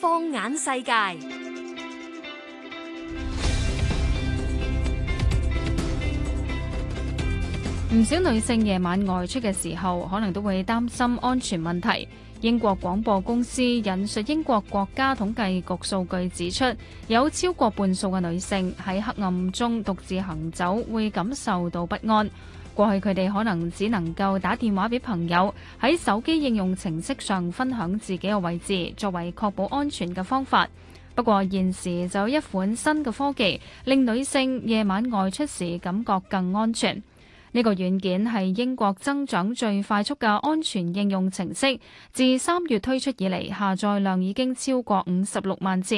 放眼世界，唔少女性夜晚外出嘅時候，可能都會擔心安全問題。英國廣播公司引述英國國家統計局數據指出，有超過半數嘅女性喺黑暗中獨自行走會感受到不安。過去佢哋可能只能夠打電話俾朋友，喺手機應用程式上分享自己嘅位置，作為確保安全嘅方法。不過現時就有一款新嘅科技，令女性夜晚外出時感覺更安全。呢個軟件係英國增長最快速嘅安全應用程式，自三月推出以嚟，下載量已經超過五十六萬次。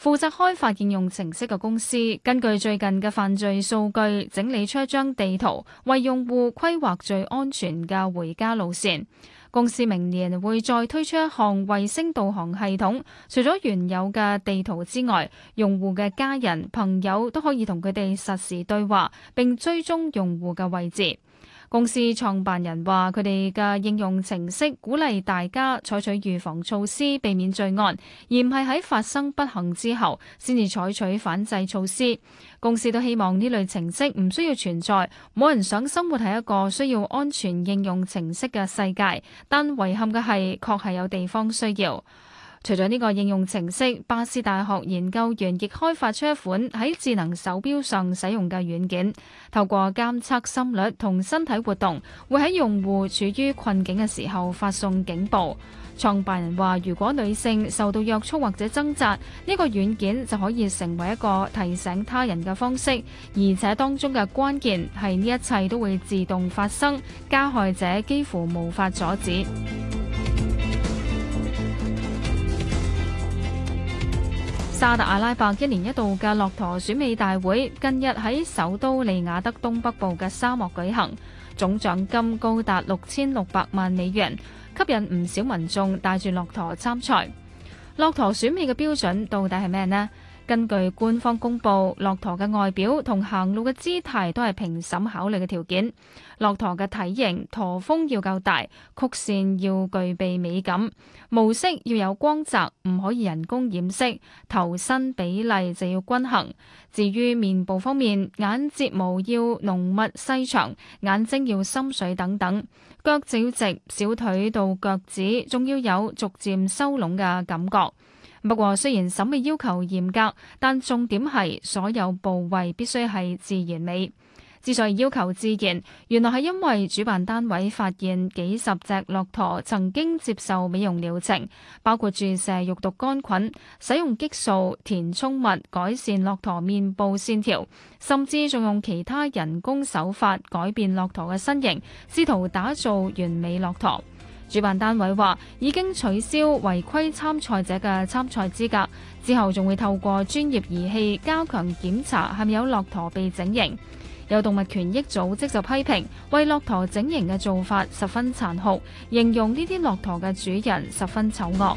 負責開發應用程式嘅公司根據最近嘅犯罪數據整理出一張地圖，為用戶規劃最安全嘅回家路線。公司明年會再推出一項衛星導航系統，除咗原有嘅地圖之外，用戶嘅家人朋友都可以同佢哋實時對話，並追蹤用戶嘅位。公司創辦人話，佢哋嘅應用程式鼓勵大家採取預防措施，避免罪案，而唔係喺發生不幸之後先至採取反制措施。公司都希望呢類程式唔需要存在，冇人想生活喺一個需要安全應用程式嘅世界。但遺憾嘅係，確係有地方需要。除咗呢個應用程式，巴斯大學研究員亦開發出一款喺智能手錶上使用嘅軟件，透過監測心率同身體活動，會喺用戶處於困境嘅時候發送警報。創辦人話：如果女性受到約束或者掙扎，呢、這個軟件就可以成為一個提醒他人嘅方式，而且當中嘅關鍵係呢一切都會自動發生，加害者幾乎無法阻止。沙特阿拉伯一年一度嘅駱駝選美大會，近日喺首都利雅德東北部嘅沙漠舉行，總獎金高達六千六百萬美元，吸引唔少民眾帶住駱駝參賽。駱駝選美嘅標準到底係咩呢？根據官方公布，駱駝嘅外表同行路嘅姿態都係評審考慮嘅條件。駱駝嘅體型，駝峯要夠大，曲線要具備美感，毛色要有光澤，唔可以人工染色，頭身比例就要均衡。至於面部方面，眼睫毛要濃密細長，眼睛要深邃等等。腳就要直，小腿到腳趾仲要有逐漸收攏嘅感覺。不過，雖然審美要求嚴格，但重點係所有部位必須係自然美。之所以要求自然，原來係因為主辦單位發現幾十隻駱駝曾經接受美容療程，包括注射肉毒桿菌、使用激素填充物改善駱駝面部線條，甚至仲用其他人工手法改變駱駝嘅身形，試圖打造完美駱駝。主辦單位話已經取消違規參賽者嘅參賽資格，之後仲會透過專業儀器加強檢查，係咪有駱駝被整形。有動物權益組織就批評，為駱駝整形嘅做法十分殘酷，形容呢啲駱駝嘅主人十分醜惡。